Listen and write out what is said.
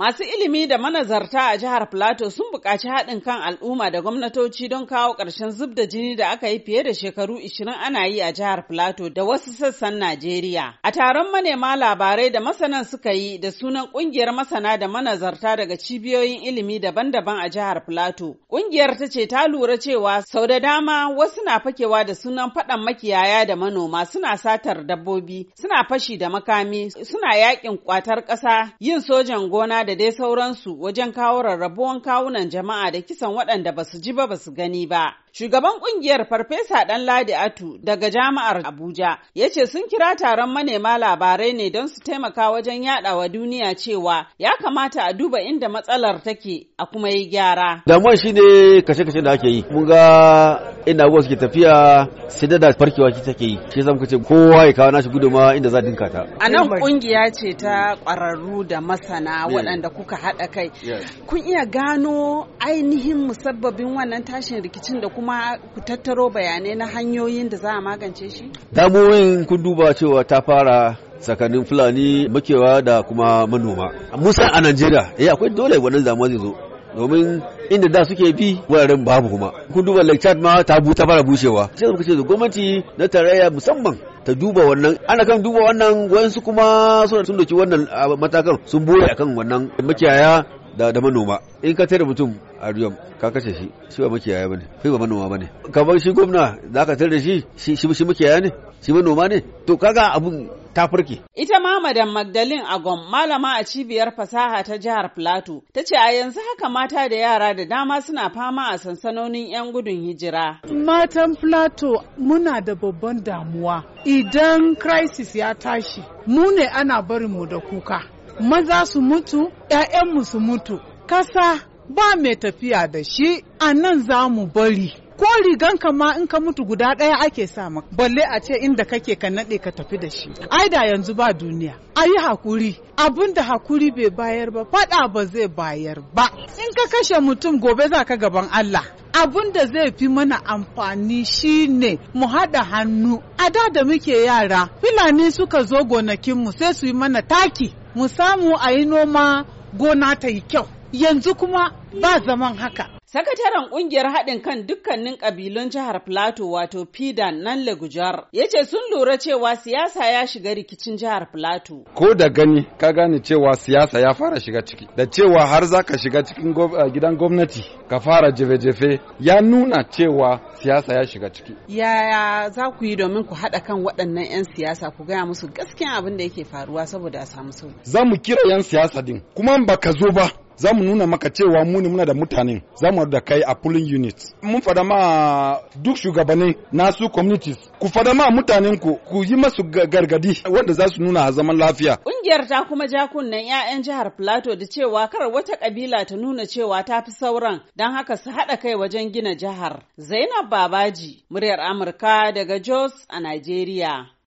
Masu ilimi da manazarta a jihar Plateau sun buƙaci haɗin kan al'umma da gwamnatoci don kawo ƙarshen zub da jini da aka yi fiye da shekaru 20 ana yi a jihar Plateau da wasu sassan Najeriya. A taron manema labarai da masanan suka yi da sunan ƙungiyar masana da manazarta daga cibiyoyin ilimi daban-daban a jihar Plateau. Ƙungiyar ta ce ta lura cewa sau da dama wasu na fakewa da sunan faɗan makiyaya da manoma suna satar dabbobi, suna fashi da makami, suna yaƙin ƙwatar ƙasa, yin sojan gona da dai sauransu wajen kawo rarrabuwan kawunan jama'a da kisan waɗanda ba su ji ba ba su gani ba. Shugaban kungiyar Farfesa ɗan Ladi Atu daga Jami'ar Abuja ya ce sun kira taron manema labarai ne don su taimaka wajen yaɗawa duniya cewa ya kamata a duba inda matsalar take a kuma yi gyara. Damuwan shi ne kashe-kashe da ake yi. Mun ga inda abubuwa suke tafiya sai da farkewa ki take yi. Shi zan kace kowa ya kawo nashi guduma inda za dinka ta. A nan kungiya ce ta kwararru da masana waɗanda waɗanda kuka haɗa kai kun iya gano ainihin musabbabin wannan tashin rikicin da kuma ku tattaro bayanai na hanyoyin da za a magance shi damuwoyin kun duba cewa ta fara tsakanin fulani makewa da kuma manoma musa a najeriya eh akwai dole wannan zamani zai zo domin inda da suke bi wuraren babu kuma kun duba lake chad ma ta bu ta fara bushewa sai muka ce gwamnati na tarayya musamman ta duba wannan ana kan duba wannan wayansu kuma suna sun doki wannan matakan sun a akan wannan makiyaya da, da manoma in ka tare mutum a riyom ka kashe shi shi ba makiyaya bane kai ba manoma bane kamar shi gwamna da ka tare da shi shi shi makiyaya ne shi manoma ne to kaga abun ta furke. Ita ma Madam Magdalene Agom malama a cibiyar fasaha ta jihar Plateau ta ce a yanzu haka mata da yara da dama suna fama a sansanonin 'yan gudun hijira. Matan Plateau muna da babban damuwa idan crisis ya tashi mu ne ana barin mu da kuka. Maza su mutu, 'ya'yanmu su mutu, kasa ba mai tafiya da shi a nan za mu bari. ko rigan ka ma in ka mutu guda ɗaya ake sa maka balle a ce inda kake ka naɗe ka tafi da shi ai da yanzu ba duniya a yi hakuri abun da hakuri bai bayar ba faɗa ba zai bayar ba in ka kashe mutum gobe za ka gaban Allah Abun da zai fi mana amfani shine mu haɗa hannu a da da muke yara filani suka zo gonakin mu sai su yi mana taki mu samu a yi noma gona ta yi kyau yanzu kuma ba zaman haka Sakataren ƙungiyar haɗin kan dukkanin ƙabilun jihar Plateau wato Pidan nan Lagujar ya ce sun lura cewa siyasa ya shiga rikicin jihar Plateau. Ko da gani ka gane cewa siyasa ya fara shiga ciki da cewa har za ka shiga cikin gidan gwamnati ka fara jefe-jefe ya nuna cewa siyasa ya shiga ciki. Yaya za ku yi domin ku haɗa kan waɗannan 'yan siyasa ku gaya musu gaskiyan abin da yake faruwa saboda a samu sauki. Za mu kira 'yan siyasa din kuma ba ka zo ba za mu nuna maka cewa mu muna da mutane za mu da kai a pulling unit mun fada ma duk shugabannin nasu communities ku fada ma mutanen ku ku yi masu gargadi wanda za su nuna a zaman lafiya kungiyar ta kuma ja kunnen 'ya'yan jihar plateau da cewa kar wata kabila ta nuna cewa ta fi sauran don haka su haɗa kai wajen gina jihar zainab babaji muryar amurka daga jos a nigeria